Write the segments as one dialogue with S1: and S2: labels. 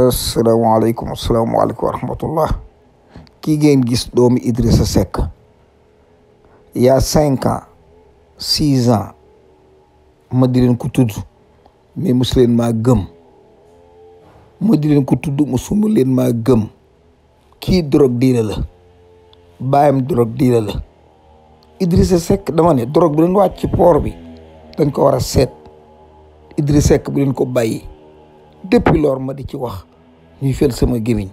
S1: asalaamaaleykum asalaamaaleykum wa rahmatullah kii ngeen gis doomu Idrissa a il y cinq ans six ans ma di leen ko tudd mais mosu leen maa ma di leen ko tudd mosuma leen maa gëm kii drogue diila la baayam drogue diila la Idrissa Seck dama ne drogue bu leen wàcc ci poor bi dañ ko war a seet Idrissa Seck bu leen ko bàyyi depuis lors ma di ci wax ñuy fel sama gémmiñ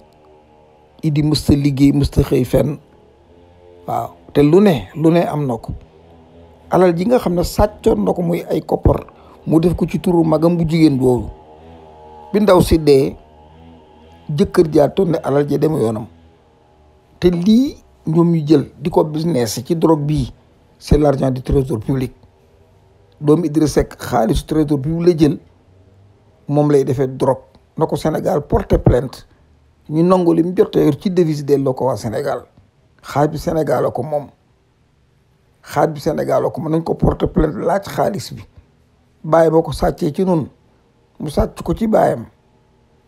S1: idi musta liggéey musta xëy fenn waaw te lu ne lu ne am na ko alal ji nga xam ne sàccoon na ko muy ay koppar mu def ko ci turu magam bu jigéen boobu bi ndaw si dee jëkkër jaa tonne alal ja dem yoonam te lii ñoom ñu jël di ko business ci drogue bii c'est l'argent du trésor public doomu xaalis Seck xaalisu trésor public la jël moom lay defee drogue na ko Sénégal porté plainte ñu nangu li mu jot yor ci devise delloo ko waa Sénégal xaaj bi Sénégal ko moom xaaj bi Sénégal la ko moom nañ ko porté plainte laaj xaalis bi bàyyi boo ko sàccee ci nun mu sàcc ko ci baayam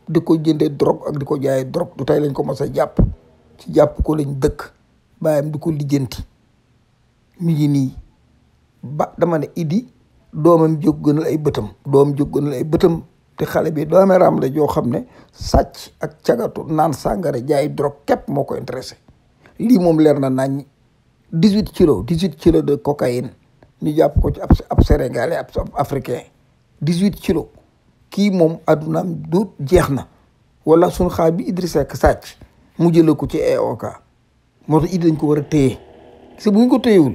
S1: di ko jëndee drogue ak di ko jaayee drogue du tey lañ ko mos a jàpp ci jàpp ko lañ dëkk baayam di ko lijjanti mi ngi nii ba dama ne Idi doomam jóg ay bëtam doom jóg gënal ay bëtam te xale bi doomeeraam la joo xam ne sàcc ak cagatu naan sàngara jaay drogue képp moo ko intéressé lii moom leer na nañ dix-huit kilo dix-huit kilos de cocaïne ni jàpp ko ci ab ab sénégalais ab africain dix-huit kilo kii moom addunaam du jeex na wala suñ xaar bi Idrissa Seck sàcc mu jëlee ko ci EOK moo tax it dañ ko war a téye parce bu ko téyewul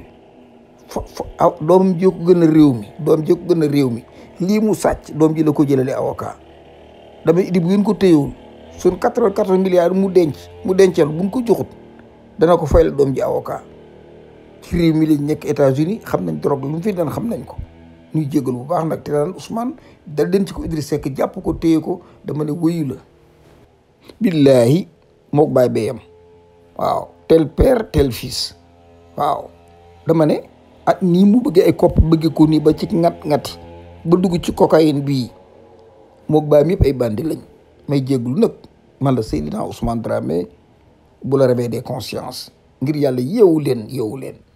S1: fa fa doomam ji gën a réew mi doomam ji ko gën a réew mi lii mu sàcc doom ji la ko jëlale avocat dama idi bu ngeen ko téyewul suñ quatre-vingt-quatorze milliards mu denc mu dencal buñ ko joxut dana ko fayal doom ji awoka ci réew mi lañ nekk États-Unis xam nañ drogue lu mu fi daan xam nañ ko ñuy jégal bu baax nag te daal Ousmane dal den ci ko Idriss Seck jàpp ko téye ko dama ne wéyu la billaahi mook baay beyam waaw tel père tel fils waaw dama ne ak ah, nii mu bëggee ay kopp bëggee ko nii ba ci ngat ngati ba dugg ci cocaïne bii mook baam yëpp ay bandi lañ may jégglu nag man la Seydina Ousmane Dramé bu la réveil des consciences ngir yàlla yeewu leen yeewu leen